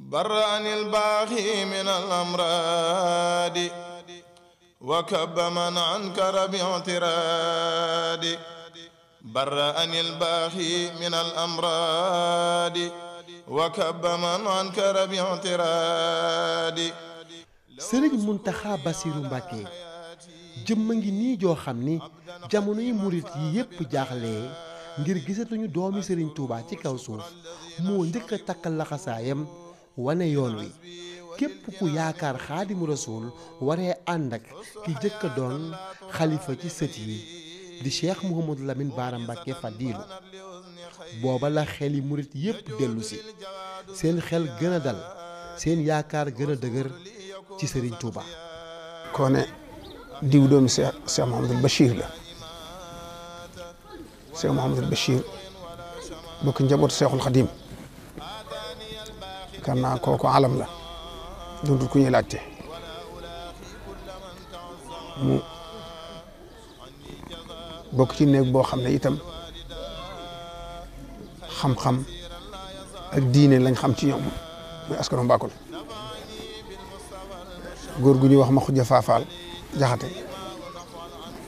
برا عن الباغي من الأمراض وكب من أنكر باعتراد برا عن الباغي من الأمراض وكب من أنكر باعتراد sëriñ Muntaxa Basiru Mbàkke jëmm ngi nii joo xam ni jamonoy murit yi yépp jaaxle ngir gisatuñu doomi Serigne Touba ci kaw suuf mo ndik a la laxasaayam wane yoon wi kep ku yaakar khadim rasuul waré andak ki jëk doon khalifa ci sët yi di cheikh Mouhamadou Lamine baram bakke fadil boba la xeli mourid yep dellu si seen xel gëna dal seen yaakar gëna deugër ci Serigne Touba. kone diw doomi Cheikh Cheikh bashir la. Cheikh Mouhamadul Bachir bokk njabootu Cheikhul Khadim kan naa alam la dundul ku ñuy laajte bokk ci néeg boo xam ne itam xam-xam ak diine lañ xam ci ñoom muy askanu Mbakol góor gu ñuy wax ma xujja faafaal jaxate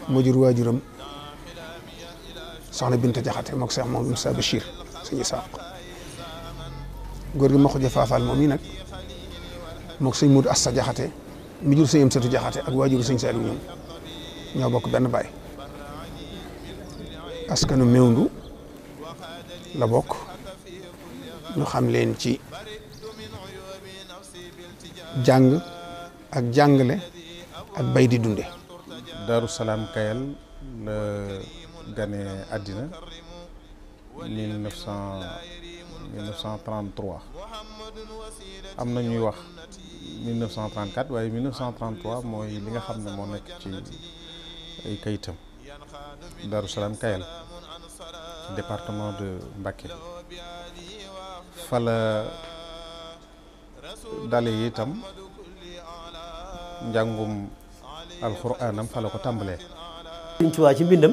moo jur waajuram soxna Binta Jaxate moog Cheikh Mamadou Moussa Bachir suñu saaq góor gi ma xuja faafal moom yi nag moog sëñ Moudou Assa Jaxate mi jur sëñ Amsatu Jaxate ak waajuru sëñ Saliou ñoom ñoo bokk benn baay askanu mewndu la bokk ñu xam leen ci jàng ak jàngale ak bay di dunde Daaru Salaam Kayal la gane àddina 1900 1933 am ñuy wax 1934 waaye 1933 mooy li nga xam ne moo nekk ci ay kayitam Darou Salaam Kayel. département de Mbacké fala dale Itam. itam al Quran. fala ko tàmbalee. Sëriñ Tuubaa ci mbindam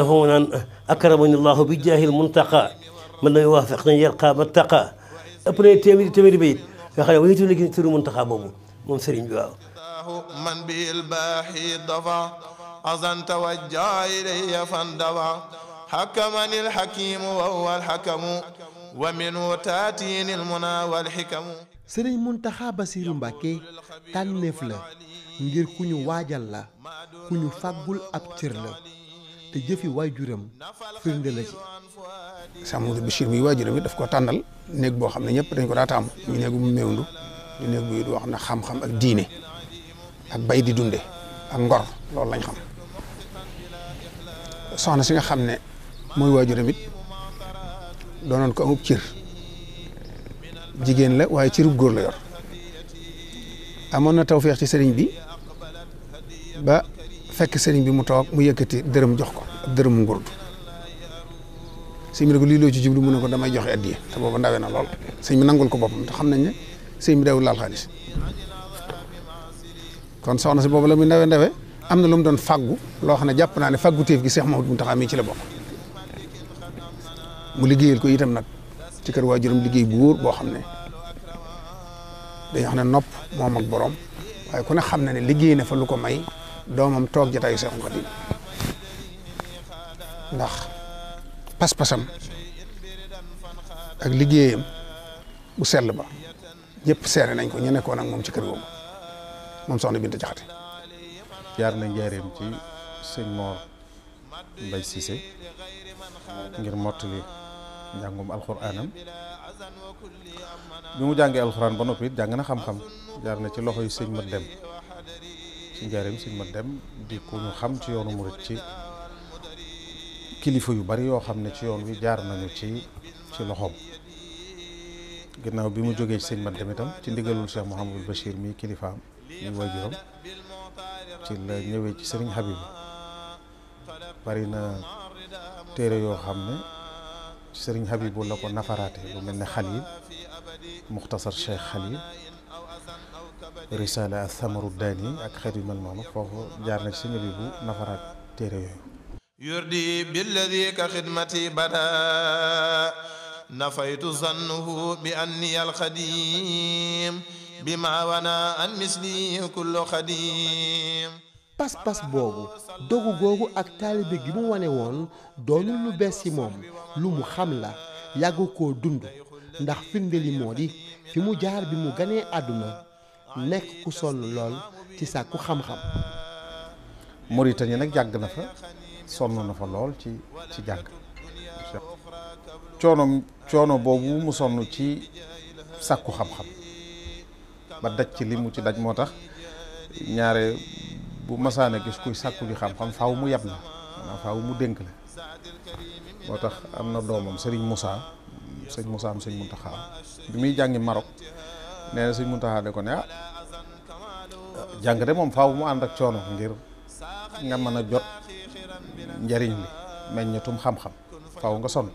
هنا أكرمني الله بجاه المنتقى من يوافقني يلقى متقى أبني تمير تمير بيت فخلي ويتو لكن تلو منتقى بابو من سرين جواب من بالباحي الضفا أظن توجه إلي فاندفا حكمني الحكيم وهو الحكم ومن تاتين المنى والحكم سرين منتقى بسير مباكي تنفل ندير كوني واجل كوني فاقل أبتر te jëfi waajuram firnde la ci. Cheikh Mamadou Bachir muy waajuram daf ko tànnal néeg boo xam ne ñëpp dañ ko daa taamu ñu néegu mu mewndu ñu néeg bu wax na xam-xam ak diine ak bay di dunde ak ngor loolu lañ xam soxna si nga xam ne mooy waajuram it doonoon ko amub cir jigéen la waaye cirub góor la yor amoon na taw tawfeex ci sëriñ bi ba fekk sëriñ bi mu toog mu yëkkati dërëm jox ko dërëm ngurdu sëñ bi ne ko lii loo ci jublu mu ne ko damay joxe addiya te booba ndawe na lool sëñ bi nangul ko boppam te xam nañ ne sëñ bi dawul laal kon soxna si boobu la muy ndawe am na lu mu doon faggu loo xam ne jàpp naa ne faggu teef gi Seex Mahmadu Muntaxa mi ci la bokk mu liggéeyal ko itam nag ci kër waajuram liggéey bu wóor boo xam ne dañoo xam ne nopp moom ak borom waaye ku ne xam na ne liggéey na fa lu ko may doomam toog jataayu Seexul Xadiim ndax pas-pasam ak liggéeyam bu sell ba ñëpp seere nañ ko ñu nekkoon ak moom ci kër googu moom soxna Binta Jaxate jaar na njaareem ci sëñ bay Mbay Cissé ngir yi njàngum alxuraanam bi mu jàngee alxuraan ba noppiit jàng na xam-xam jaar na ci loxo yi sëñ Mat Dem ci sëñ ma dem di ku ñu xam ci yoonu murit ci kilifa yu bari yoo xam ne ci yoon wi jaar nañu ci ci loxoom ginnaaw bi mu jógee ci sëñ ma dem itam ci ndigalul Cheikh Mouhamadul Bachir mi kilifaam mi waajuram ci la ñëwee ci sëriñ Habib bari na téere yoo xam ne sëriñ Habib la ko nafaraate lu mel ne Xalil Muxtasar Cheikh Xalil رسالة الثمر الداني ak xeet yu mel noonu foofu jaar na ci simili bu nafaraat téere yooyu yurdi billadi ka xidmati bada nafaytu zannuhu bi anni pas-pas bobu dogu gogu ak talibe gi mu wane won doonul lu bessi mom lu mu xam la yàgg ko dund ndax findeli modi fi mu jaar bi mu gane aduna nekk ku sonn lool ci sàkku xam-xam Mauritanie nag jàng na fa sonn na fa lool ci ci jàng coono coono boobu mu sonn ci sàkku xam-xam ba daj ci li mu ci daj moo tax ñaare bu masaane gis kuy sàkku ji xam-xam faaw mu yab na maanaam mu dénk la moo tax am na doomam sëriñ musa sëñ Moussa am sëñ Mountakha bi muy jàngi Maroc nee si suñ de ko ne ah de moom faaw mu and ak choono ngir nga meuna jot njariñ bi meññatum xam-xam faaw nga son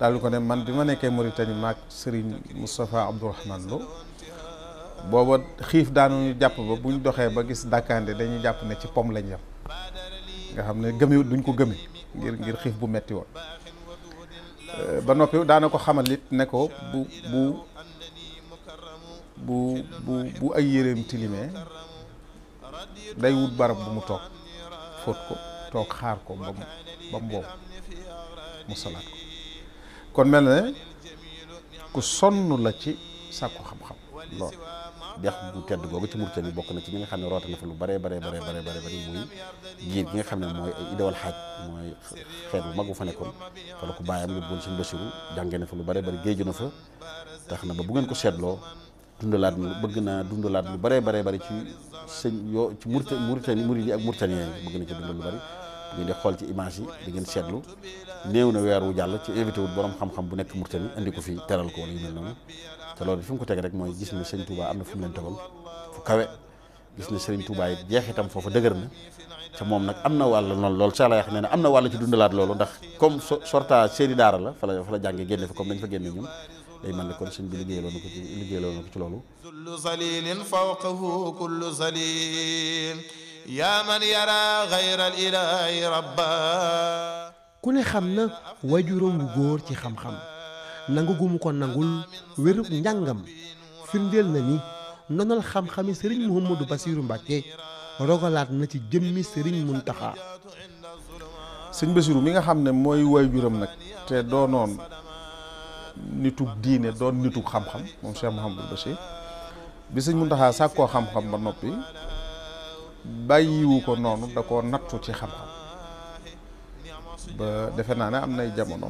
dal ko ne man bima ma nekkee Mauritanie maag Serigne Moustapha Lo xif khif ñu japp ba buñ doxé ba gis dàkkaande dañu japp ne ci pom lañ yam nga xamne gëmi duñ ko gëmi ngir ngir xif bu metti won ba nopi daanako ko xamal nit ne ko bu bu bu bu bu ay yéreem tilimee day wut barab bu mu toog fóot ko toog xaar ko ba mu ba mu boobu mu salaat ko kon mel ne ku sonn la ci sàkku xam-xam lool dex bu tedd googu ci murtan bi bokk na ci ñi nga xam ne roota na fa lu bare bare bare bare bare bari muy giir gi nga xam ne mooy ay idawal xaaj mooy xeet bu mag bu fa nekkoon wala ko bàyyam yóbbuwoon suñu Basiru jàngee na fa lu bare bari géeju na fa tax na ba bu ngeen ko seetloo dundalaat bëgg naa dundalaat lu bëree baree bari ci sëñ yoo ci murta muritani murid yi ak murtanien yi bëgg na ci dundal lu bëri ngeen di xool ci image yi di ngeen seetlu néew na weer wu jàll ci invité wul borom xam-xam bu nekk murtani indi ko fii teral ko wala yu mel noonu te loolu fi mu ko teg rek mooy gis ne sëñ Touba am na fu leen tegal fu gis ne sëriñ Touba yi jeexitam foofa dëgër na te moom nag am na wàll noonu loolu sa la yax nee na am na wàll ci dundalaat loolu ndax comme sorta seeni daara la fa la la jànge génne fa comme dañ fa génne day mel ne kon sëñ bi liggéeyaloo na ko ci liggéeyaloo na ko ci loolu kullu zalilin fawqahu kullu zalil ya man yara ghayra al ilahi rabba ku ne xam na wajuram wu góor ci xam-xam nangu gu mu ko nangul wérub njàngam firndeel na ni nonal xam-xami sëriñ Mouhamadou Bassirou Mbacké rogalaat na ci jëmmi sëriñ Mountakha sëñ Bassirou mi nga xam ne mooy wajuram nag te doonoon nitu diine doon nitu xam-xam moom Cheikh Mouhamadul Bachir bi sëñ Muntaxa sàkkoo xam-xam ba noppi bàyyiwu ko noonu da koo nattu ci xam-xam ba defe naa ne am nay jamono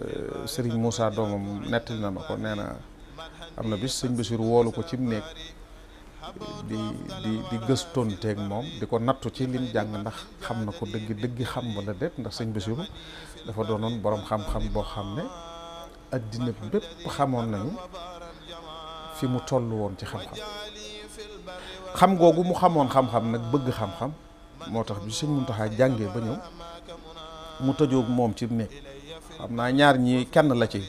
euh, sëriñ Moussa doomam nettali na ma ko nee na am na bis sëñ woolu ko cim néeg di di di gëstonteeg moom di ko nattu ci lim jàng ndax xam na ko dëgg dëgg xam wala déet ndax sëñ Basiru dafa doonoon borom xam-xam boo xam ne addina bepp xamoon nañu fi mu tollu woon ci xam-xam xam googu mu xamoon xam-xam nag bëgg xam-xam moo tax bi sëñ Muntaxa jàngee ba ñëw mu tëjoog moom ci néeg xam naa ñaar ñi kenn la ci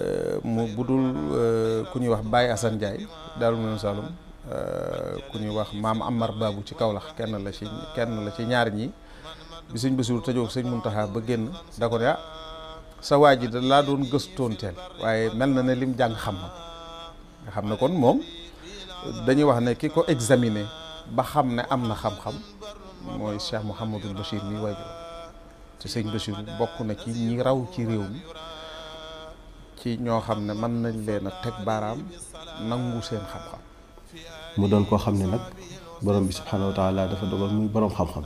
euh, mu bu dul euh, ku ñuy wax Baye Assane Ndiaye Daaru Minam Saloum euh, ku ñuy wax Mam Amar Babu ci Kaolack kenn la ci kenn la ci ñaar ñi bi sëñ Basiru tëjoog sëñ Muntaxa ba génn da ko ah, sa waa da laa doon geustontel waye melna ne lim jàng xam nga xam ne kon mom dañuy wax ne kiko examiner ba xam ne am xam-xam moy Cheikh Mouhamadul bashir mi wajjo ci seigne bashir bokku na ci ñi raw ci rew mi ci ño xam ne mën nañ leena tek baram nangu seen xam-xam mu doon ko xam ne nag borom bi subhanahu wa taala dafa dogal muy borom xam-xam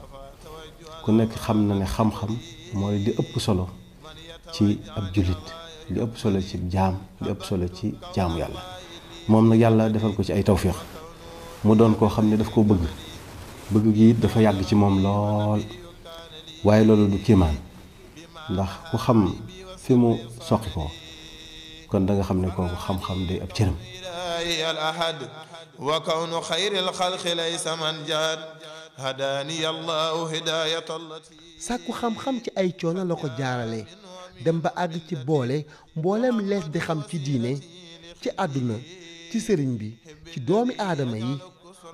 ku nek xam na ne xam-xam moy di ëpp solo ci ab jullit li ëpp solo ci jaam li ëpp solo ci jaamu yàlla moom nag yàlla defal ko ci ay tawféex mu doon koo xam ne daf ko bëgg bëgg gi dafa yàgg ci moom lool waaye loolu du kéemaan ndax ku xam fi mu soqi ko kon da xam ne kooku xam-xam ab cëram al ahad wa kawnu xayril xalqi laysa man jaat hadaani allahu hidaayata allati sàkku xam-xam ci ay coono la ko jaarale dem ba àgg ci boole mbooleem lees di xam ci diine ci àdduna ci sëriñ bi ci doomi aadama yi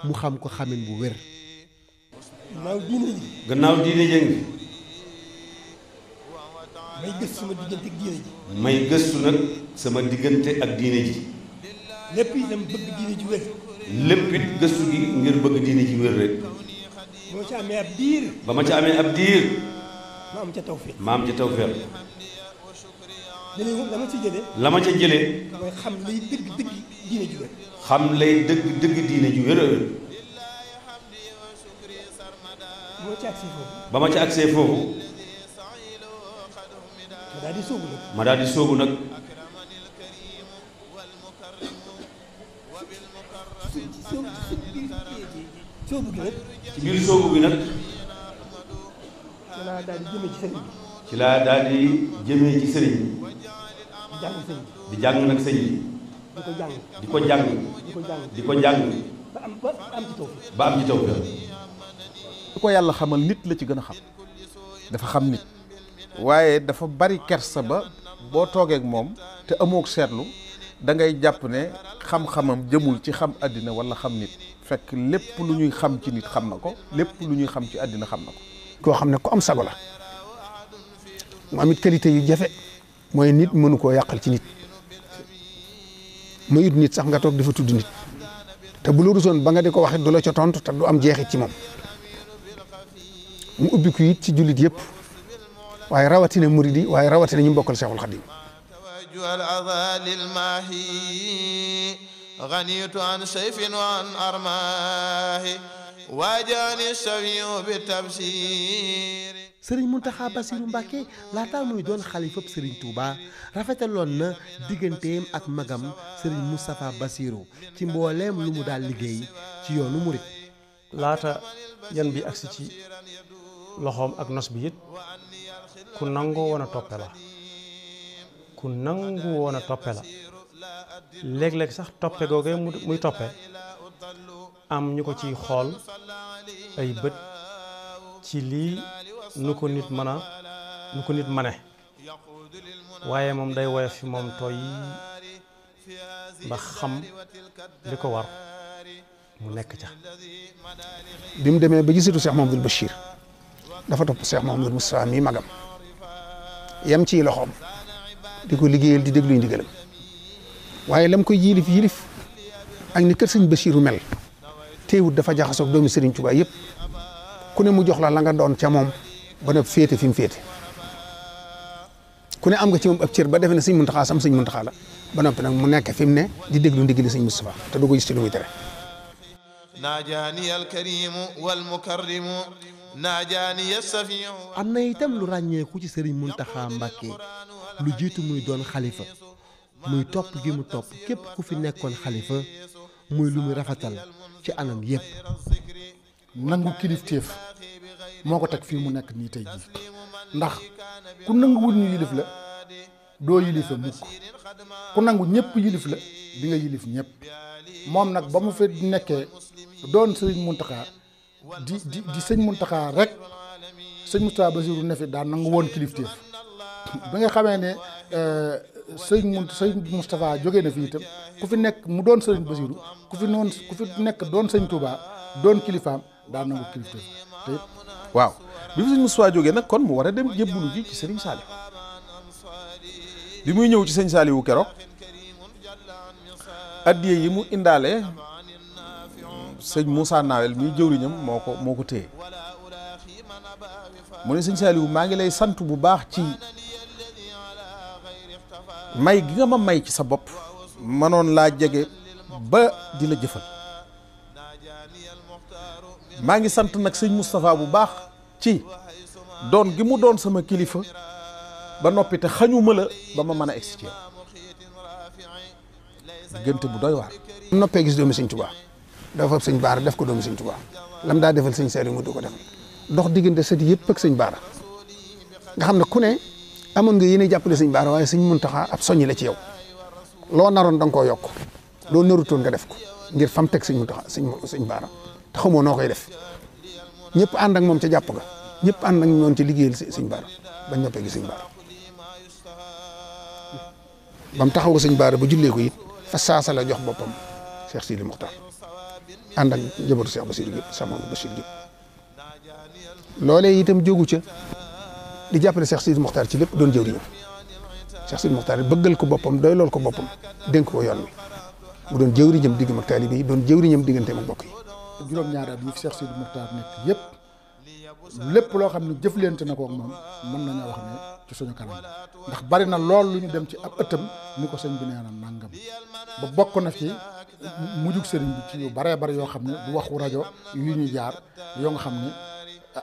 mu xam ko xamin bu wér gannaaw diine ji gannaaw diine diggante ak diine ji may gëstu nag sama diggante ak diine ji lépp itam bëgg diine ji wér lépp it gëstu gi ngir bëgg diine ji wér rek ba ca amee ab diir ba ma ca amee ab diir ma am ca tawféex ma ca tawféex la ma ci jëlee. la ma ca jëlee. mooy xam lay dëgg dëgg diine ju wér. xam lay dëgg dëgg diine ju wér a wér. ba ma ci agsee foofu. ma daal di sóobu nag. ma daal di sóobu nag. sóobu gi nag. ci biir sóobu gi nag. ma daal di jëmee ci bi. ci laa daal di ci sëriñ bi di jàng nag sëñ bi di ko jàng di ko jàng ba am ci taw ba am ko yàlla xamal nit la ci gën a xam dafa xam nit waaye dafa bari kersa ba boo toogeek moom te amook seetlu da ngay jàpp ne xam-xamam jëmul ci xam àddina wala xam nit fekk lépp lu ñuy xam ci nit xam na ko lépp lu ñuy xam ci àddina xam na ko koo xam ne ku am sago la amit kalite yu jafe moy nit mënu ko yakal ci nit mayut nit sax nga tok difa tuddi nit te bu lu rusone ba nga diko waxe dula ci tontu te du am jeexit ci mom mu ubbi ku yit ci jullit yëpp rawati rawatina mouride waye rawati rawatina ñu bokkal Seexul Xadim غنيت عن سيف وعن أرماه واجاني السميع بالتبصير sëriñ Muntaxa Basiru Mbàkke laataa muy doon xalifab sëriñ Touba rafetaloon na digganteem ak magam sëriñ Moustapha Basiru ci mbooleem lu mu daal liggéey ci yoonu murit laata yan bi agsi ci loxoom ak nos bi it ku nangoo woon a toppe la ku nangu woon a toppe la léeg-léeg sax toppe googee muy toppe am ñu ko ciy xool ay bët ci lii nu ko nit mën a nu ko mane waaye moom day woyof fi moom tooy ndax xam li ko war mu nekk ca bi mu demee ba gisatu Cheikh Mahamadul Bachir dafa topp Cheikh Mahamadul Moustapha mii magam yam ci loxoom di ko liggéeyal di dégluy ndigalam waaye lam koy yilif yilif ak ni kër sëñ mel teewut dafa jaxasoog doomi Sëriñ Tuubaa yëpp ku ne mu jox la doon ca moom ba fete fim fete mu ku ne am nga ci mom ab ciir ba def na seigne Muntaxa sam seigne Muntaxa la ba noppi nag mu nek fim ne di deglu ndigli seigne Moustapha te du ko gis ci lu muy tere am na itam lu ku ci seigne Muntaxa Mbàkke lu jitu muy don khalifa muy top gi mu top kep ku fi nekkon khalifa muy lu muy ci anam yépp nangu kilifteef moo ko teg fii mu nekk nii tey jii ndax ku nanguwul ñu yilif la doo yilife mukk ku nangu ñëpp yilif la di nga yilif ñëpp moom nag ba mu fi nekkee doon sëriñ Muntaxa di di di sëñ Muntaxa rek sëñ Moustapha Bassirou ne fi daan nangu woon kilifteef bi nga xamee ne sëñ mu sëñ Moustapha jóge na fi itam ku fi nekk mu doon sëriñ Bassirou ku fi noon ku fi nekk doon sëñ Touba doon kilifaam daan nangu kilifteef waaw bi fi sëñ Moustapha jógee nag kon mu war a dem jébbalu ji ci sëriñ Saliou bi muy ñëw ci sëñ Saliou keroog addiye yi mu indaale sëñ Moussa Nawel muy jëwriñam moo ko moo ko téye mu ne sëñ Saliou maa ngi lay sant bu baax ci may gi nga ma may ci sa bopp manoon laa jege ba di la jëfal maa ngi sant nag sëñ Moustapha bu baax ci doon gi mu doon sama kilifa ba noppi te xañuma la ba ma mën a egsi ci yow diggante bu doy waar. noppee gis doomi sëñ Tuubaa dafa fab sëñ Baara def ko doomi sëñ Tuubaa lam daa defal sëñ Saliou mu du ko def dox diggante sët yëpp ak sëñ Baara nga xam ne ku ne amoon nga yéene jàppale sëñ Baara waaye sëñ Muntaxa ab soññi la ci yow loo naroon da nga koo yokk loo narutoon nga def ko ngir fam teg sëñ Muntaxa sëñ Baara. te xamoo noo koy def ñëpp ànd ak moom ca jàpp ga ñëpp ànd ak ñoom ci liggéeyal sëñ baara bañ noppee gi sëñ baara bam taxaw sëñ baara ba jullee ko it fa saasa la jox boppam Cheikh Sidi Mokhtar ànd ak njabootu Cheikh Bassirou Diop sama Bassir Diop loolee itam jógu ca di jàppale Cheikh Sidi Mokhtar ci lépp doon jëwriñam Cheikh Sidi Mokhtar bëggal ko boppam doy lool ko boppam dénk ko yoon wi mu doon jëwriñam diggam ak taalibe yi doon jëwriñam digganteem ak mbokk yi juróom-ñaari at yi fi Cheikh Sidi Moukhtar nekk yépp lépp loo xam ne jëflante na ko moom mën nañoo wax ne ci suñu kanam ndax bari na lool lu ñu dem ci ab ëttam ni ko sëñ bi nee na nangam ba bokk na fi mujjug sëriñ bi ci yu baree bari yoo xam ne bu waxu rajo yu ñu jaar yoo nga xam ne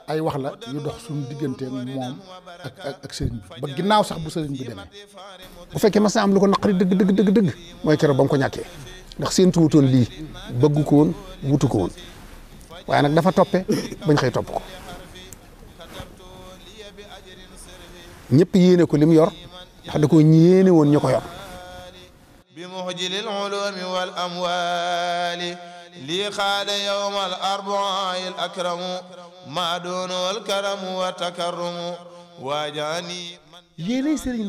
ay wax la yu dox suñu diggante moom ak ak ak sëriñ bi ba ginnaaw sax bu sëriñ bi demee. bu fekkee mas na am lu ko naqari dëgg dëgg dëgg dëgg mooy keroog ba mu ko ñàkkee. ndax séentu wutoon lii bëgg ko woon waaye nag dafa toppe bañ xëy topp ko ñëpp yéene ko lim yor ndax da ko yéene woon ñu ko yor bi muxjilil ulumi wal amwali lii xaada yowma al arbaai al akramu maa doonu wal karamu wa takarrumu waajaani yéenay sëriñ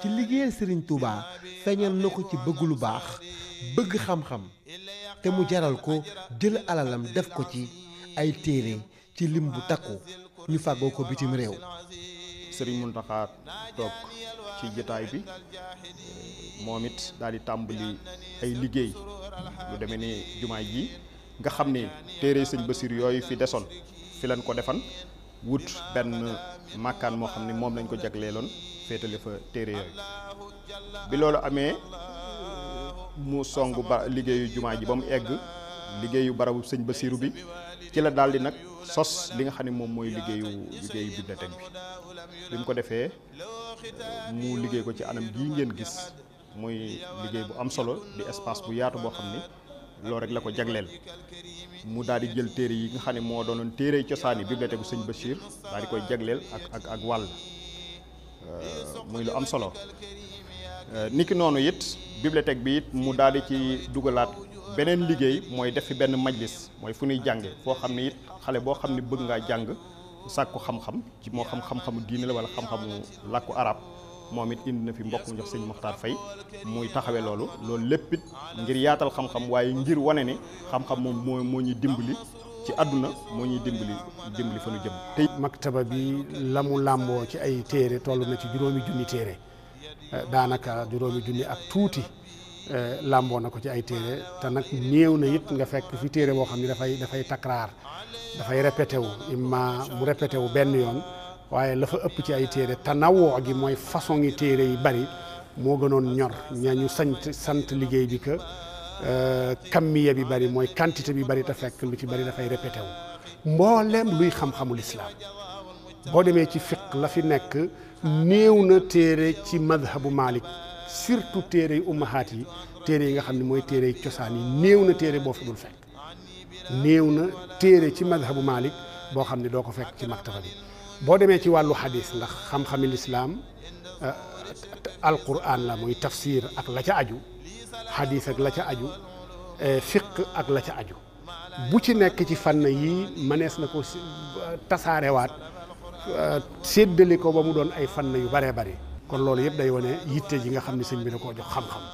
ci liggéeyal sëriñ Tuubaa feeñal na ci bëgg lu baax bëgg xam-xam te mu jaral ko jël alalam def ko ci ay téere ci lim bu takku ñu fàggoo ko bitim réew sëriñ Muntaxa toog ci jataay bi moom it daal di tàmbali ay liggéey lu demee ni jumaay ji nga xam ni téere sëñ Basiir yooyu fi desoon fi leen ko defan wut benn màkkaan moo xam ni moom lañ ko jagleeloon féetale fa téere yooyu bi loolu amee mu songu ba liggéeyu jumaaji ji ba egg liggéeyu barabu sëñ Basiru bi ci la daldi nak sos li nga xam mom moy mooy liggéeyu liggéeyu bibliothèque bi bim mu ko defé mu liggéey ko ci anam gi ngeen gis mu liggéey bu am solo di espace bu yaatu bo xamni lo rek la ko jaglel mu dari jël téré yi nga xam mo moo téré ci cosaan bibliothèque bu sëñ Bachir di koy jaglel ak ak ak euh moy lu am solo euh, niki nonu it bibliothèque bi it mu daal di ci dugalaat beneen liggéey mooy def fi benn majlis mooy fu ñuy jànge foo xam ni it xale boo xam ne bëgg ngaa jàng sàkku xam-xam ci moo xam xam-xamu la wala xam-xamu làkku arab moom it indi na fi mbokk mu jox sëñ Moxtaar Fay muy taxawe loolu loolu lépp ngir yaatal xam-xam waaye ngir wane ni xam-xam moom moo moo ñuy dimbali ci àdduna moo ñuy dimbali dimbali fa nu jëm. tey maktaba bi la mu làmboo ci ay téere toll na ci juróomi junni téere. Eh, daanaka juróomi junni ak tuuti eh, làmboo na ko ci ay téere te nag néew na it nga fekk fi téere boo xam ne dafay dafay takraar dafay répété wu imma mu répété wu benn yoon waaye la fa ëpp ci ay téere tanawoo gi mooy façon yi téere yi bari moo gënoon ñor ñañu sant sant liggéey bi que eh, kammiya bi bari mooy quantité bi bari te fekk lu ci bari dafay répété wu mbooleem luy xam-xamul islaam boo demee ci fiq la fi nekk néew na téere ci madhabu Malik surtout téere yu ummahaat yi téere yi nga xam ne mooy téere yu cosaan yi néew na téere boo fi fekk néew na téere ci madhabu Malik boo xam ne doo ko fekk ci maktaba bi boo demee ci wàllu xadis ndax xam-xami lislaam euh, alquran la muy tafsir ak la ca aju xadis ak la ca aju euh, fiq ak la ca aju bu ci nekk ci fànn yii mënees na ko euh, tasaarewaat seddelé ko ba mu doon ay fan yu bare bare kon loolu yépp day wone yitte ji nga xam ne sëñ bi da koo jox xam-xam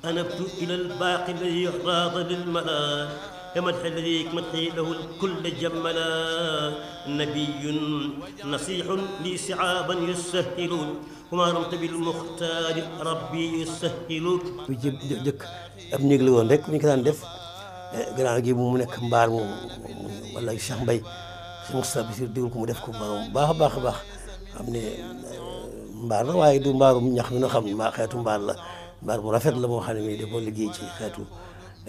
أنبت إلى الباقي الذي راض بالملا كمدح الذي مدحي له الكل جملا نبي نصيح لي سعابا يسهل وما رمت بالمختار ربي يسهل جيب دك ابني قلوان دك مين كان دف غرانا جيبو منك مبار والله يشام بي si Moussa Bissir ko mu def ko borom baax a baax a baax xam ne euh, mbaar la waaye du mbaarum ñax mi nga xam mbaa xeetu mbaar la mbaar bu rafet la moo xam ne mii dafa liggéey ci xeetu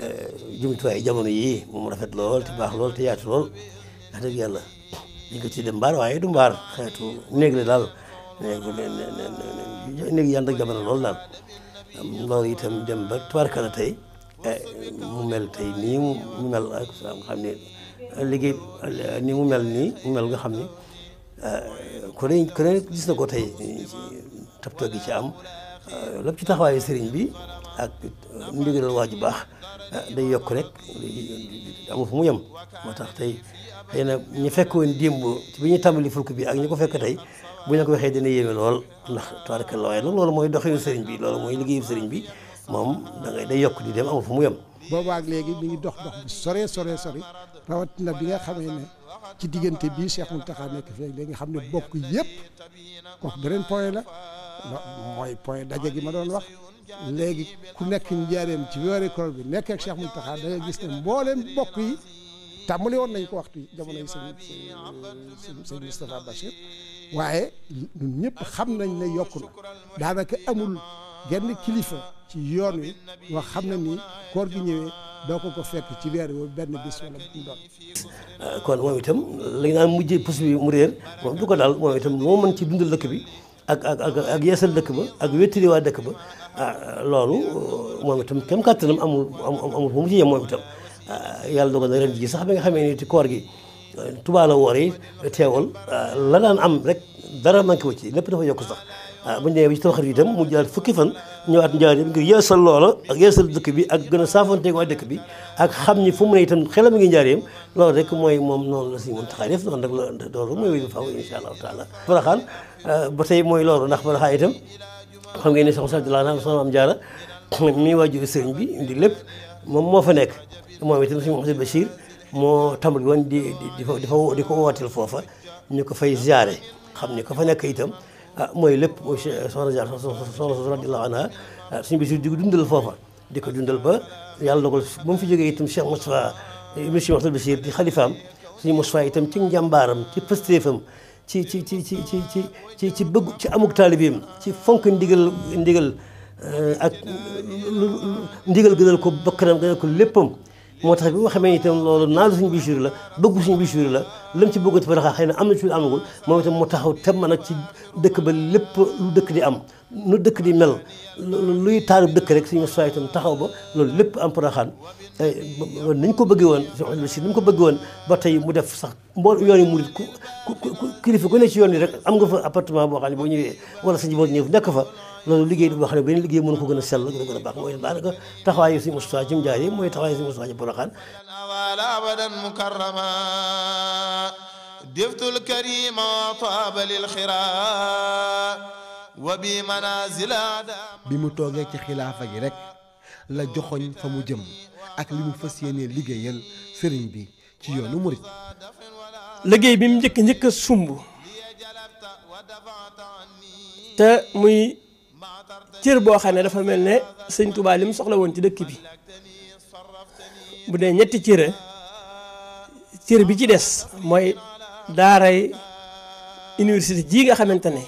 euh, jumtuwaay jamono yii moom rafet lool ti baax lool te yaatu lool wax dëgg yàlla ñu ko tuddee mbaar waaye du mbaar xeetu néeg la daal néeg néeg jamono lool daal loolu itam dem ba tubaarkala tey eh, mu mel tey nii mu mel ak xam ne liggéey ni mu mel nii mu mel nga xam ni ku ne ku ne gis na ko tey tabtoo gi ci am lépp ci taxawaayu sëriñ bi ak ndigalal waa ju baax day yokk rek amu fu mu yem moo tax tey xëy na ñu fekkoon démb bi ñu tàmbali fulk bi ak ñu ko fekk tey bu ñu ko waxee dina yéeme lool ndax tabarakalla waaye nag loolu mooy doxinu sëriñ bi loolu mooy liggéeyu sëriñ bi moom da ngay day yokk di dem amu fu mu yem boobaak léegi mi ngi dox dox bi sore sore sori rawatina bi nga xamee ne ci diggante bii Cheikh Mountakha nekk fii léegi nga xam ne bokk yëpp kooku beneen point la mooy point daje gi ma doon wax léegi ku nekk njaareem ci weeri koor bi nekk ak Cheikh Mountakha da nga gis ne mbooleem bokk yi tàmbali woon nañ ko waxtu jamono yi sëñ sëñ Moustapha Bachir waaye ñun ñëpp xam nañ ne yokku na daanaka amul genn kilifa ci yoon wi wax xam na ni koor gi ñëwee doo ko ko fekk ci weer wi benn bis wala bu mu doon. Euh, kon moom itam lañ naan mujjee pus bi mu réer moom du ko daal moom itam moo mën ci dundal dëkk bi ak ak ak yeesal dëkk ba ak wéttali waa dëkk ba ah, loolu euh, moom itam kem kàttanam amul amul fu mu ci yem moom itam ah, yàlla dogal na ren ji sax bi nga xamee ni ti koor gi euh, Tuubaa la woor yi am rek dara manqué wu ci lépp dafa yokk sax. ah bu ñu demee ba ci tabaxat mu jaar fukki fan ñëwaat njaareem ngir yeesal loola ak yeesal dëkk bi ak gën a saafanteeg waa dëkk bi ak xam ni fu mu ne itam xelam ngi njaareem loolu rek mooy moom noonu la si moom taxaa def noonu rek la loolu mooy wéy faaw insha allahu taala baraxaan ah, ba tey mooy loolu ndax baraxaan itam xam ngeen ne soxna Sadio Lalla soxna am jaara mi waajur sëriñ bi indi lépp moom moo fa nekk moom itam suñu Mouhamadou Bachir moo tàmbali woon di di fa di ko wooteel foofa ñu ko fay ziare xam ni ko fa nekk itam ah mooy lépp mooy eh, soxna jaar soxna soxna radiyallahu anha ah, suñu bis di ko dundal foofa di ko dundal ba yàlla dogal ba mu fi jógee itam Cheikh Moustapha eh, ibnu Cheikh Moustapha Bachir di xalifaam suñu Moustapha itam ci njàmbaaram ci pëstéefam ci ci ci ci ci ci ci ci bëgg ci amuk taalibeem ci fonk ndigal ndigal eh, ak ndigal gënal ko bakkanam gënal ko léppam moo tax bi nga xamee itam loolu naalu suñu Bichri la bëggu suñu Bichri la lam ci bëggati fa xëy na am na ci lu amagul moom itam moo taxaw tem ma nag ci dëkk ba lépp lu dëkk di am nu dëkk di mel luy taarub dëkk rek suñu soxla itam taxaw ba loolu lépp am Poroxaan eh, nañ ko bëggee woon si nañ ko bëggee woon ba tey mu def sax mbool yoon yi murit ku ku kilifa ku ne ci yoon yi rek am nga fa appartement boo xam ne boo ñëwee wala sa njaboot ñëw nekk fa loolu liggéey boo xam ne benn liggéey mënu ko gën a sell gën a gën a baax mooy daanaka taxawaayu si Moustapha ci Njaay mooy taxawaayu si Moustapha ci Porokhane abadan mukarrama diftul karima wa taaba lil xiraa wa bi manazil bi mu toogee ci xilaafa gi rek la joxoñ fa mu jëm ak li mu fas yéenee liggéeyal sëriñ bi ci yoonu murit liggéey bi mu njëkk njëkk a sumb te muy cër boo xam ne dafa mel ne sëñ Touba li mu soxla woon ci dëkk bi bu dee ñetti cëre cër bi ci des mooy daaray université jii nga xamante ne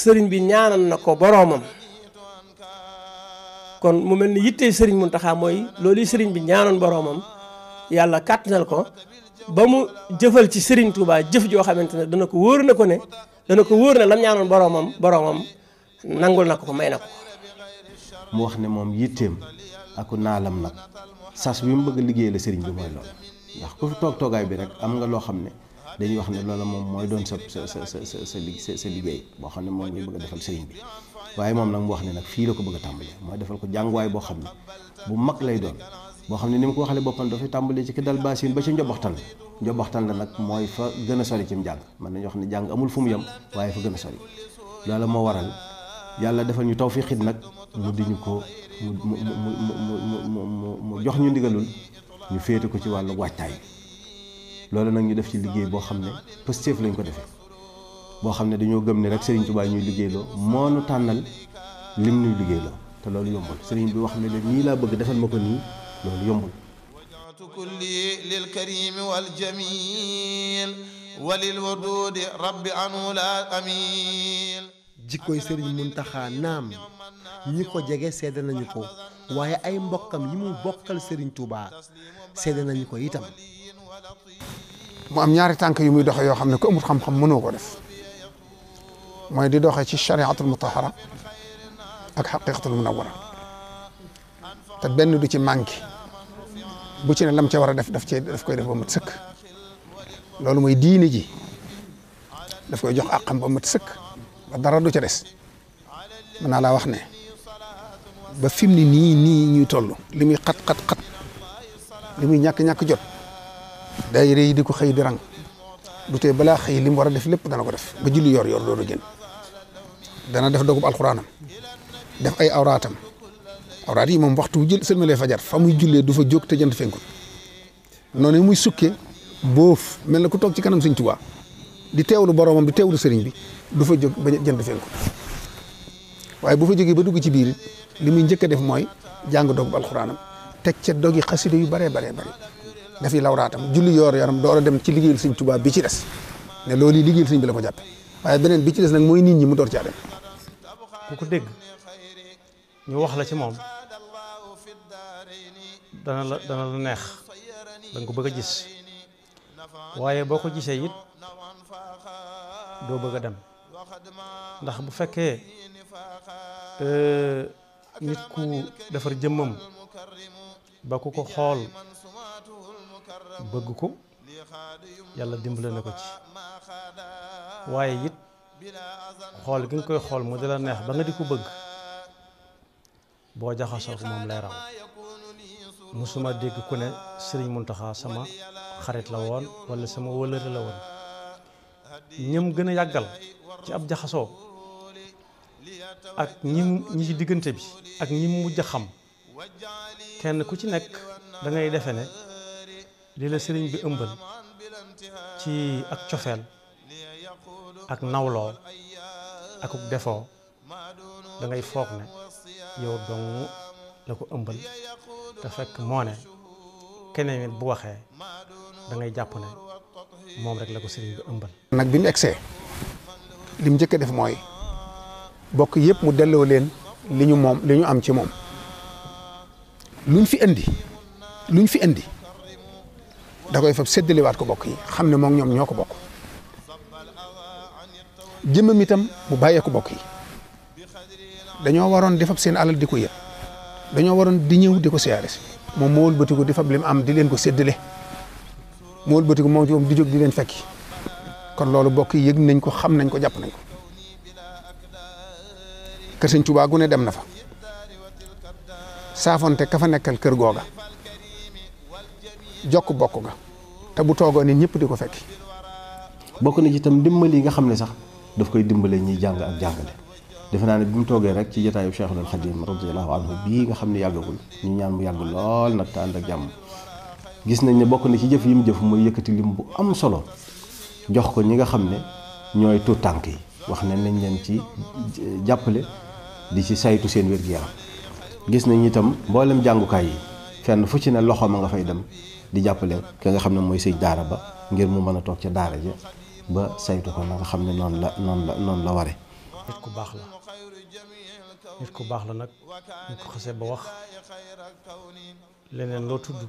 sëriñ bi ñaanal na ko boroomam kon mu mel ni yitte sëriñ Muntaxa mooy loolu sëriñ bi ñaanoon boroomam yàlla kàttanal ko ba mu jëfal ci sëriñ Touba jëf joo xamante ne dana ko wóor na ko ne dana ko wóor na lam ñaanoon boroomam boroomam nangul na ko ko may na ko mu wax ne moom yitteem ak naalam nag sas wi mu bëgg liggéey la sëriñ bi mooy loolu ndax ku toog toogaay bi rek am nga loo xam ne dañuy wax ne loola moom mooy doon sa sa sa sa sa sa liggéey boo xam ne moom ngay bëgg a defal sëriñ bi waaye moom nag mu wax ne nag fii la ko bëgg a tàmbalee mooy defal ko jànguwaay boo xam ne bu mag lay doon boo xam ne ni mu ko waxalee boppam dafay tàmbalee ci ki dal baasin ba ci njoboxtan njombaxtan la nag mooy fa gën a sori cim jàng mën nañu wax ni jàng amul fu mu yem waaye fa gën a sori moo waral yàlla defal ñu tawfiix it nag mu ko mu mu jox ñu ndigalul ñu féete ko ci wàllu waajtaay loolu nag ñu def ci liggéey boo xam ne positif lañ ko defee boo xam ne dañoo gëm ne rek Serigne Touba ñuy liggéeyloo moo nu tànnal lim ñuy liggéeyloo te loolu yombul Serigne bi wax ne nii laa bëgg defal ma ko nii loolu yombul. waqtu kulli lil karimi wal jamil walil wadudi rabbi anu la amil jikkoy sëriñ Muntaxa naam ñi ko jege seede nañu ko waaye ay mbokkam yi mu bokkal sëriñ Touba seede nañu ko itam mu am ñaari tànk yu muy doxe yoo xam ne ko amul xam-xam mënoo ko def mooy di doxe ci chariatul mutahara ak xaqiqatul munawara te benn du ci manqué bu ci ne lam ci wara def daf ci daf koy def ba mat sëkk lolou moy diine ji daf koy jox akam ba mat sëkk ba dara du ci dess man naa wax ne ba fi ni ni nii nii ñuy toll li muy xat xat xat li muy ñàkk jot day reey di ko xey di rang du tee bala xey li wara def lépp dana ko def ba jullu yor yor loolu gën dana def dogu alquranam def ay awratam awraat yi moom waxtu jël la fajar fa muy jullee du fa jóg te jant fenkul noonu muy sukkee boof mel na ku toog ci kanam sëñ Tuubaa di teewlu boroomam di teewlu sëriñ bi du fa jóg ba jant fenkul waaye bu fa jógee ba dugg ci biir li muy njëkk def mooy jàng dogub alxuraanam teg ca dogi xasida yu baree baree bëri dafiy lawraatam julli yoor yaram door a dem ci liggéeyal sëñ Tuubaa bi ci des ne loolu yi liggéeyal sëñ bi la ko jàppe waaye beneen bi ci des nag mooy nit ñi mu door caa dem ku ko dégg ñu wax la ci moom dana la neex dang ko bëgg gis waye boko gisé yit do bëgg dem ndax bu euh nit ku defar jëmmam ba ku ko xol bëgg ko yalla dimbalé nako ci waye yit xol gën koy xol mu di neex ba nga di ko bëgg bo jaxaso mom lay raw suma dégg ku ne sëriñ Muntaxa sama xarit la woon wala sama wëlëre la woon ñëm gën a yàggal ci ab jaxasoo ak ñi ñi ci diggante bi ak ñi mujj xam kenn ku ci nekk dangay defe ne li la sëriñ bi ëmbal ci ak cofeel ak nawloo akuk defoo dangay ngay foog ne yow dong la ko ëmbal te fekk moo keneen bu waxee da ngay moom rek la ko sëriñ bi ëmbal. nag bi ñu egsee li mu njëkk a def mooy bokk yëpp mu delloo leen li ñu moom li ñu am ci moom luñ fi indi luñ fi indi da koy fab séddaliwaat ko bokk yi xam ne moom ñoom ñoo ko bokk jëmmam itam mu bàyyee ko bokk yi dañoo waroon defab seen alal di ko yëpp. dañoo waroon di ñëw di ko siyaare moom moo wëlbatiku di fab lim am di leen ko séddale moo wëlbatiku moom ci moom di jóg di leen fekki kon loolu bokk yëg nañ ko xam nañ ko jàpp nañ ko kër sëñ dem na fa saafonte ka fa nekkal kër googa jokk bokk ga te bu toogoo nit ñëpp di ko fekki bokk na ci itam dimbali yi nga xam ne sax daf koy dimbale ñiy jàng ak jàngale defe naa ne bu mu toogee rek ci jotaayu Cheikhul Khadim radiyallahu anhu bii nga xam ne yàggagul ñu ñaan mu yàgg lool nag te ànd ak jàmm gis nañ ne bokk na ci jëf yi mu jëf mooy yëkkati lim bu am solo jox ko ñi nga xam ne ñooy tuut tànk yi wax ne nañ leen ci jàppale di ci saytu seen wér-gu-yaram gis nañ itam mboolem jàngukaay yi fenn fu ci ne loxo ma nga fay dem di jàppale ki nga xam ne mooy sëñ daara ba ngir mu mën a toog ca daara ja ba saytu ko na xam ne noonu la noonu la noonu nit ku baax la nag nit ko xasee ba wax leneen loo tudd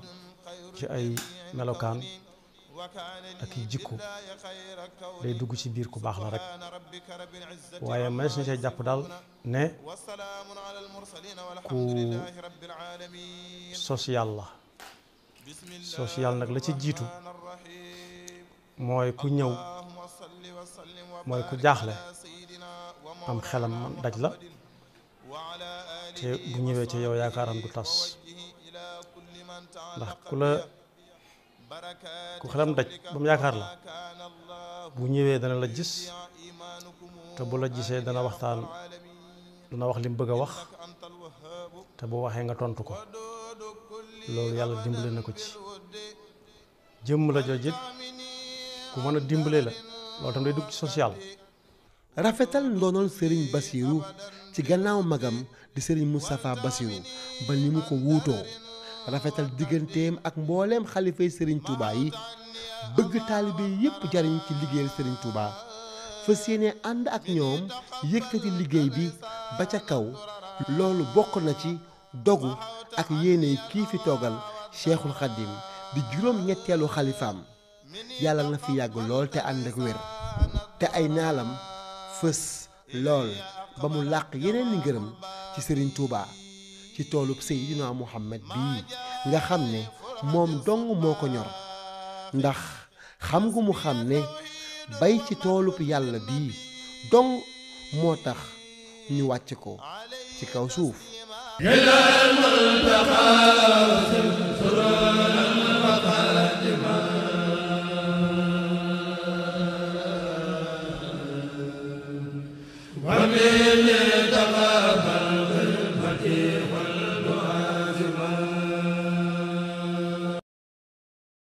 ci ay melokaan ak i jikko day dugg ci biir ku baax la rek waaye mënees na see jàpp daal ne ku social la social nag la ci jiitu mooy ku ñëw mooy ku jaaxle am xelam daj la te bu ñëwee ci yow yaakaaram du tas ndax ku la ku xelam daj ba mu yaakaar la bu ñëwee dana la gis te bu la gisee dana waxtaan dana wax li mu bëgg a wax te bu waxee nga tontu ko loolu yàlla dimbale na ko ci jëmm la joojit ku mën a dimbale la loolu tam day dugg social rafetal ndoonal Serigne Bassirou ci gannaaw magam di Serigne Moustapha Bassirou ba ni mu ko wuutoo rafetal digganteem ak mbooleem xalifay sëriñ Touba yi bëgg taalibe yépp jariñ ci liggéeyal Serigne Touba fa yéene ànd ak ñoom ci liggéey bi ba ca kaw loolu bokk na ci dogu ak yéene kii fi toogal Cheikhul Khadim di juróom ñetteelu xalifaam yàlla na fi yàgg lool te ànd ak wér te ay naalam fës lool ba mu làq yeneen i ngërëm ci sëriñ Touba ci toolub Seydina Muhammad bii nga xam ne moom dong moo ko ñor ndax xam gu mu xam ne bay ci toolub yàlla bii dong moo tax ñu wàcc ko ci kaw suuf